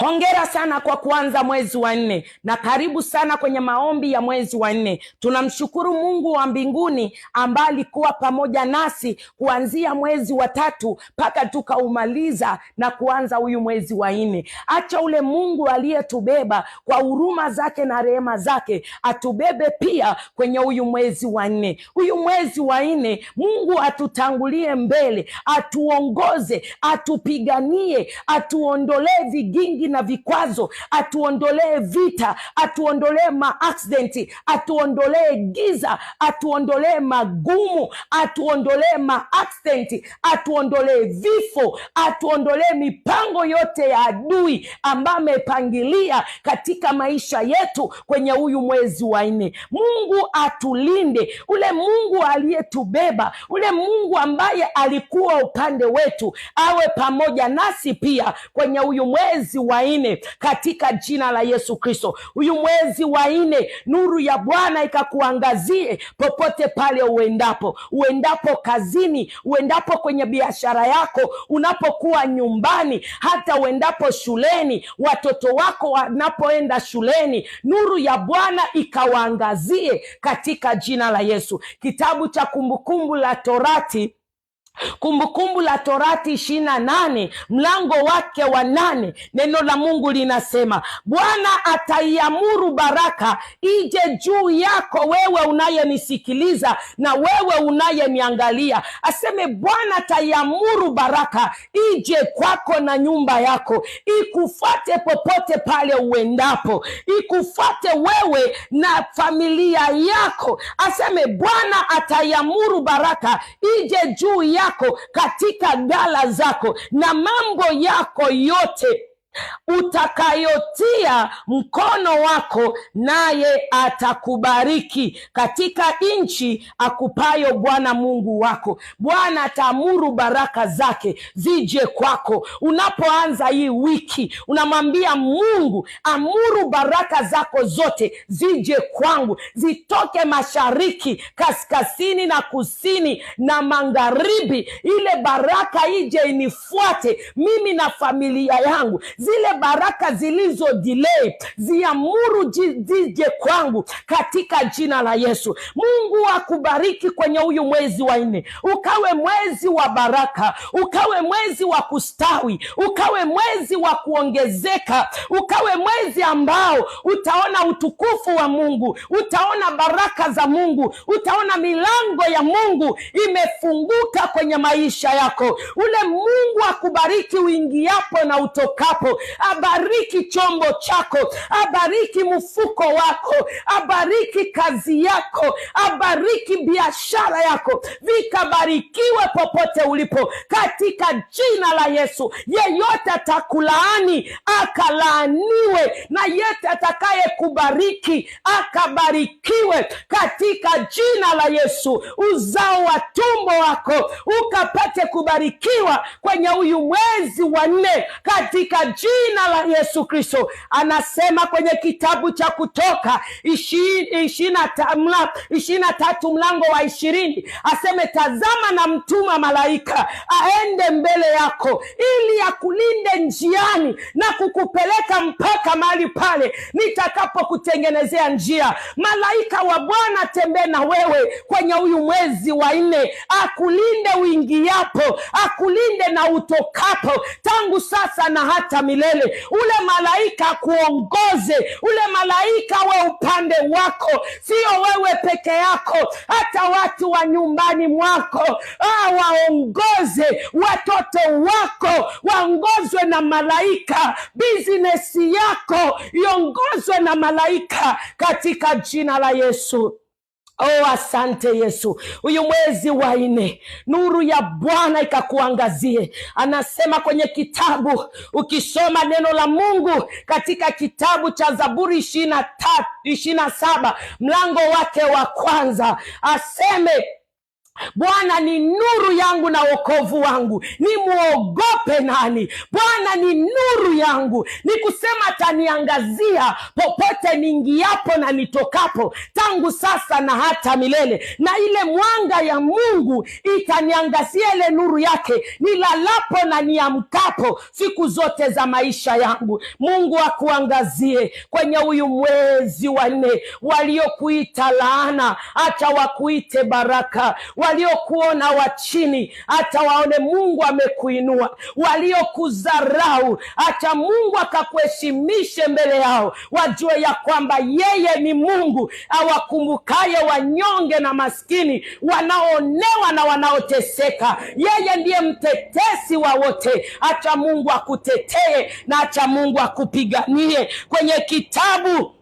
Hongera sana kwa kuanza mwezi wa nne na karibu sana kwenye maombi ya mwezi wa nne. Tunamshukuru Mungu wa mbinguni ambaye alikuwa pamoja nasi kuanzia mwezi wa tatu mpaka tukaumaliza na kuanza huyu mwezi wa nne. hacha ule Mungu aliyetubeba kwa huruma zake na rehema zake atubebe pia kwenye huyu mwezi wa nne. Huyu mwezi wa nne, Mungu atutangulie mbele, atuongoze, atupiganie, atuondolee vigingi na vikwazo, atuondolee vita, atuondolee maaksidenti, atuondolee giza, atuondolee magumu, atuondolee maaksidenti, atuondolee vifo, atuondolee mipango yote ya adui ambayo amepangilia katika maisha yetu kwenye huyu mwezi wa nne. Mungu atulinde, ule Mungu aliyetubeba, ule Mungu ambaye alikuwa upande wetu awe pamoja nasi pia kwenye huyu mwezi wa wa nne katika jina la Yesu Kristo. Huyu mwezi wa nne, nuru ya Bwana ikakuangazie popote pale uendapo, uendapo kazini, uendapo kwenye biashara yako, unapokuwa nyumbani, hata uendapo shuleni, watoto wako wanapoenda shuleni, nuru ya Bwana ikawaangazie katika jina la Yesu. Kitabu cha Kumbukumbu la Torati Kumbukumbu la Torati ishirini na nane mlango wake wa nane neno la Mungu linasema Bwana ataiamuru baraka ije juu yako wewe unayenisikiliza na wewe unayeniangalia, aseme Bwana ataiamuru baraka ije kwako na nyumba yako, ikufate popote pale uendapo, ikufuate wewe na familia yako. Aseme Bwana ataiamuru baraka ije juu yako yako katika gala zako na mambo yako yote utakayotia mkono wako, naye atakubariki katika nchi akupayo Bwana Mungu wako. Bwana ataamuru baraka zake zije kwako. Unapoanza hii wiki, unamwambia Mungu, amuru baraka zako zote zije kwangu, zitoke mashariki, kaskazini na kusini na magharibi. Ile baraka ije inifuate mimi na familia yangu zile baraka zilizo delay ziamuru zije kwangu katika jina la Yesu. Mungu akubariki kwenye huyu mwezi wa nne, ukawe mwezi wa baraka, ukawe mwezi wa kustawi, ukawe mwezi wa kuongezeka, ukawe mwezi ambao utaona utukufu wa Mungu, utaona baraka za Mungu, utaona milango ya Mungu imefunguka kwenye maisha yako. Ule Mungu akubariki uingiapo na utokapo abariki chombo chako, abariki mfuko wako, abariki kazi yako, abariki biashara yako, vikabarikiwe popote ulipo, katika jina la Yesu. Yeyote atakulaani akalaaniwe, na yete atakayekubariki akabarikiwe, katika jina la Yesu. Uzao wa tumbo wako ukapate kubarikiwa kwenye huyu mwezi wa nne katika jina la Yesu Kristo. Anasema kwenye kitabu cha Kutoka ishirini na tatu mlango wa ishirini aseme, tazama na mtuma malaika aende mbele yako ili akulinde njiani na kukupeleka mpaka mahali pale nitakapokutengenezea njia. Malaika wa Bwana tembee na wewe kwenye huyu mwezi wa nne, akulinde uingiapo, akulinde na utokapo, tangu sasa na hata milele. Ule malaika kuongoze, ule malaika we upande wako, sio wewe peke yako, hata watu wa nyumbani mwako ah, waongoze watoto wako, waongozwe na malaika. Bizinesi yako iongozwe na malaika katika jina la Yesu. Oh, asante Yesu. Huyu mwezi wa nne nuru ya Bwana ikakuangazie. Anasema kwenye kitabu, ukisoma neno la Mungu katika kitabu cha Zaburi ishirini na saba mlango wake wa kwanza aseme Bwana ni nuru yangu na wokovu wangu, nimwogope nani? Bwana ni nuru yangu, ni kusema ataniangazia popote ningiapo na nitokapo, tangu sasa na hata milele. Na ile mwanga ya Mungu itaniangazia ile nuru yake, nilalapo na niamkapo, siku zote za maisha yangu. Mungu akuangazie kwenye huyu mwezi wa nne. Waliokuita laana, acha wakuite baraka waliokuona wa chini, hata waone Mungu amekuinua. Waliokudharau, hata Mungu akakuheshimishe mbele yao, wajue ya kwamba yeye ni Mungu awakumbukaye wanyonge na maskini, wanaoonewa na wanaoteseka. Yeye ndiye mtetesi wa wote. Acha Mungu akutetee na acha Mungu akupiganie kwenye kitabu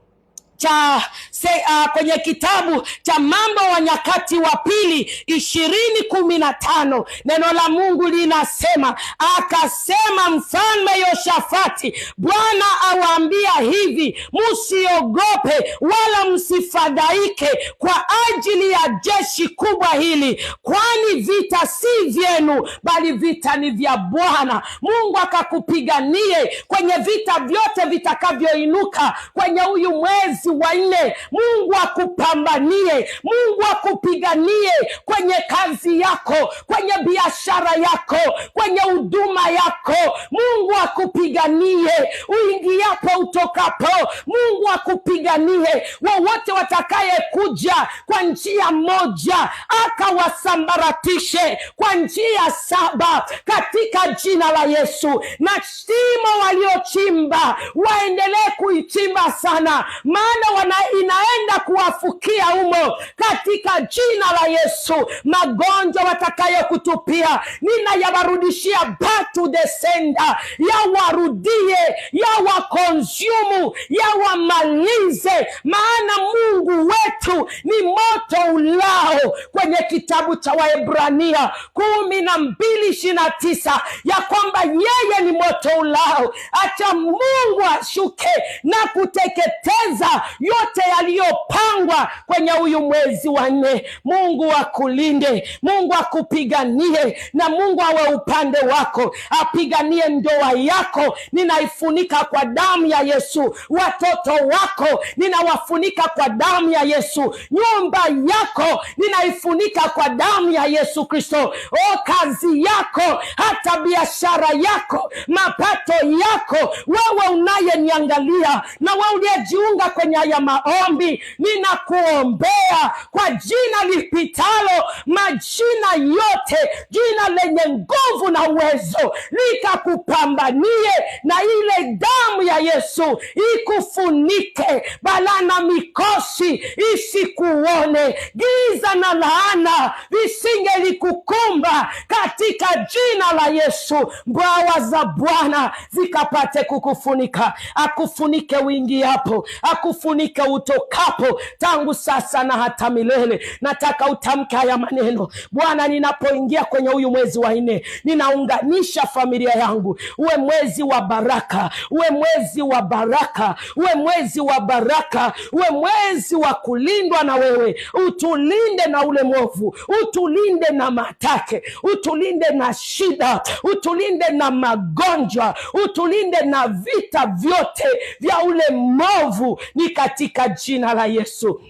cha se, uh, kwenye kitabu cha Mambo wa Nyakati wa Pili ishirini kumi na tano neno la Mungu linasema akasema mfalme Yoshafati, Bwana awaambia hivi, msiogope wala msifadhaike kwa ajili ya jeshi kubwa hili, kwani vita si vyenu, bali vita ni vya Bwana. Mungu akakupiganie kwenye vita vyote vitakavyoinuka kwenye huyu mwezi wa wanne. Mungu akupambanie, Mungu akupiganie kwenye kazi yako, kwenye biashara yako, kwenye huduma yako. Mungu akupiganie uingiapo, utokapo. Mungu akupiganie. Wowote watakayekuja kwa njia moja, akawasambaratishe kwa njia saba katika jina la Yesu. Na shimo waliochimba waendelee kuichimba sana, maana Bwana wana inaenda kuwafukia umo katika jina la Yesu. Magonjwa watakayokutupia nina yawarudishia batu desenda yawarudie, yawakonsumu, yawamalize, maana Mungu wetu ni moto ulao. Kwenye kitabu cha Waebrania kumi na mbili ishirini na tisa ya kwamba yeye ni moto ulao, acha Mungu ashuke na kuteketeza yote yaliyopangwa kwenye huyu mwezi wa nne. Mungu akulinde, Mungu akupiganie, na Mungu awe upande wako, apiganie ndoa yako. Ninaifunika kwa damu ya Yesu, watoto wako ninawafunika kwa damu ya Yesu, nyumba yako ninaifunika kwa damu ya Yesu Kristo. O, kazi yako, hata biashara yako, mapato yako, wewe unayeniangalia na wewe uliyejiunga kwenye kufanya haya maombi, ninakuombea kwa jina lipitalo majina yote, jina lenye nguvu na uwezo, likakupambanie na ile damu ya Yesu ikufunike, balana mikosi isikuone, giza na laana visingelikukumba katika jina la Yesu. Mbawa za Bwana zikapate kukufunika, akufunike wingi hapo, akufunike kukufunika utokapo, tangu sasa na hata milele. Nataka utamke haya maneno: Bwana, ninapoingia kwenye huyu mwezi wa nne, ninaunganisha familia yangu. Uwe mwezi wa baraka, uwe mwezi wa baraka, uwe mwezi wa baraka, uwe mwezi wa kulindwa na wewe. Utulinde na ule mwovu, utulinde na matake, utulinde na shida, utulinde na magonjwa, utulinde na vita vyote vya ule mwovu ni katika jina la Yesu.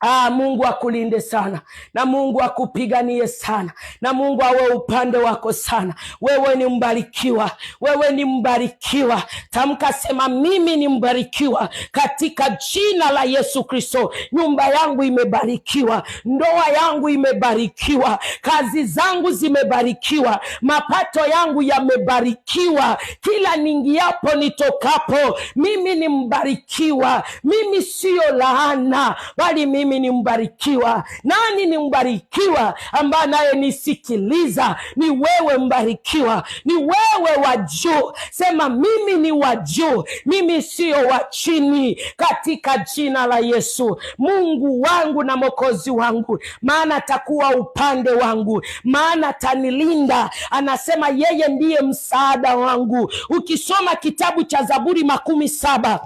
Ah, Mungu akulinde sana na Mungu akupiganie sana na Mungu awe upande wako sana. Wewe ni mbarikiwa, wewe ni mbarikiwa. Tamka sema, mimi ni mbarikiwa katika jina la Yesu Kristo. Nyumba yangu imebarikiwa, ndoa yangu imebarikiwa, kazi zangu zimebarikiwa, mapato yangu yamebarikiwa, kila ningiapo nitokapo, mimi ni mbarikiwa. Mimi siyo laana, bali mimi mimi ni mbarikiwa. Nani ni mbarikiwa ambaye anayenisikiliza? Ni wewe mbarikiwa, ni wewe wa juu. Sema mimi ni wa juu, mimi sio wa chini, katika jina la Yesu. Mungu wangu na mokozi wangu, maana atakuwa upande wangu, maana atanilinda. Anasema yeye ndiye msaada wangu. Ukisoma kitabu cha Zaburi makumi saba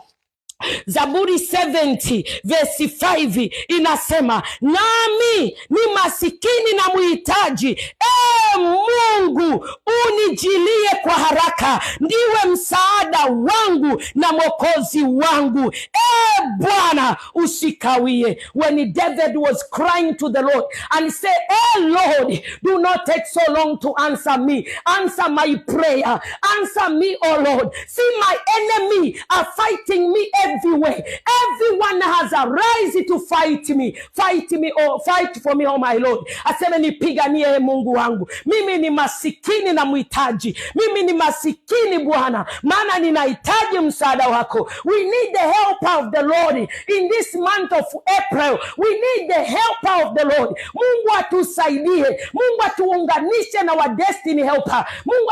Zaburi 70 vesi 5 inasema, nami ni masikini na mhitaji, e Mungu unijilie kwa haraka, ndiwe msaada wangu na mwokozi wangu. E Bwana, usikawie. When David was crying to the Lord and say, oh e Lord, do not take so long to answer me, answer my prayer, answer me, o Lord, see my enemy are fighting me every everywhere. Everyone has a to fight me. Fight me, oh, fight for me, oh my Lord. Aseme nipiganie Mungu wangu. Mimi ni masikini na mhitaji. Mimi ni masikini Bwana, maana ninahitaji msaada wako. We need the help of the Lord in this month of April. We need the help of the Lord. Mungu atusaidie. Mungu atuunganishe na wa destiny helper. Mungu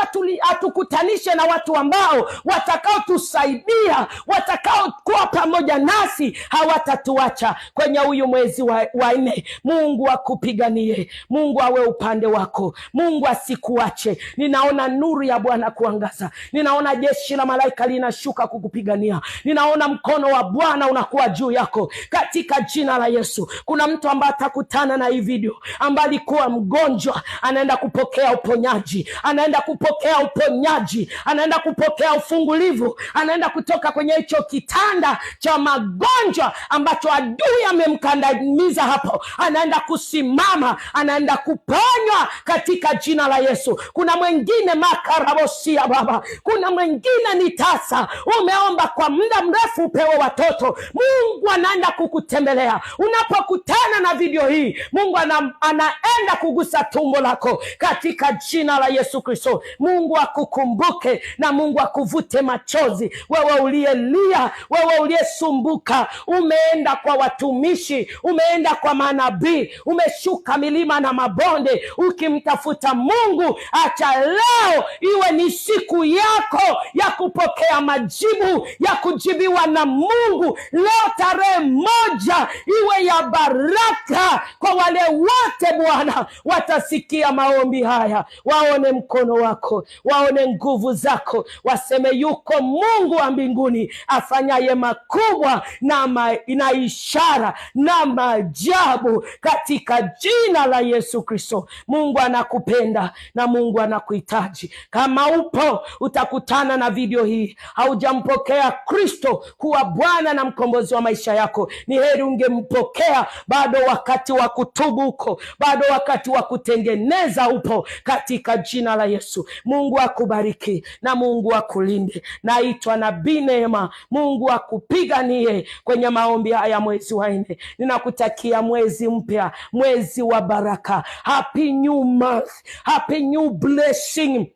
atukutanishe na watu ambao watakaotusaidia watakao kuwa pamoja nasi, hawatatuacha kwenye huyu mwezi wa, wa nne. Mungu akupiganie, Mungu awe upande wako, Mungu asikuache. Ninaona nuru ya Bwana kuangaza, ninaona jeshi la malaika linashuka kukupigania, ninaona mkono wa Bwana unakuwa juu yako katika jina la Yesu. Kuna mtu ambaye atakutana na hii video ambaye alikuwa mgonjwa, anaenda kupokea uponyaji, anaenda kupokea uponyaji, anaenda kupokea ufungulivu, anaenda kutoka kwenye hicho kitanda kitanda cha magonjwa ambacho adui amemkandamiza hapo, anaenda kusimama, anaenda kuponywa katika jina la Yesu. Kuna mwengine makarabosia Baba, kuna mwengine ni tasa, umeomba kwa muda mrefu upewe watoto. Mungu anaenda kukutembelea unapokutana na video hii. Mungu ana, anaenda kugusa tumbo lako katika jina la Yesu Kristo. Mungu akukumbuke na Mungu akuvute machozi, wewe uliyelia, wewe uliyesumbuka, umeenda kwa watumishi, umeenda kwa manabii, umeshuka milima na mabonde ukimtafuta Mungu. Acha leo iwe ni siku yako ya kupokea majibu, ya kujibiwa na Mungu. Leo tarehe moja iwe ya baraka kwa wale wote Bwana watasikia maombi haya, waone mkono wako, waone nguvu zako, waseme yuko Mungu wa mbinguni afanyaye yaliye makubwa na, ma, na ishara na maajabu katika jina la Yesu Kristo. Mungu anakupenda na Mungu anakuhitaji. Kama upo utakutana na video hii, haujampokea Kristo kuwa Bwana na mkombozi wa maisha yako, ni heri ungempokea. Bado wakati wa kutubu uko, bado wakati wa kutengeneza upo, katika jina la Yesu. Mungu akubariki na Mungu akulinde. Naitwa Nabii Neema. Mungu akupiganie kwenye maombi haya mwezi wa nne. Ninakutakia mwezi mpya, mwezi wa baraka. Happy new month, happy new blessing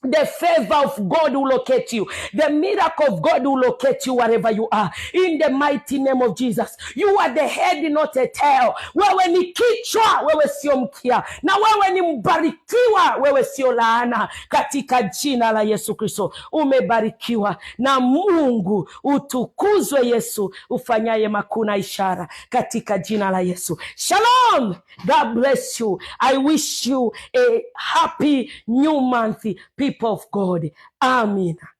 The favor of God will locate you. The miracle of God will locate you wherever you are. In the mighty name of Jesus. You are the head, not a tail. Wewe ni kichwa, wewe sio mkia. Na wewe ni mbarikiwa, wewe sio laana. Katika jina la Yesu Kristo umebarikiwa na Mungu. Utukuzwe Yesu ufanyaye makuu na ishara, katika jina la Yesu. Shalom. God bless you. I wish you a happy new month. Peace people of God. Amina.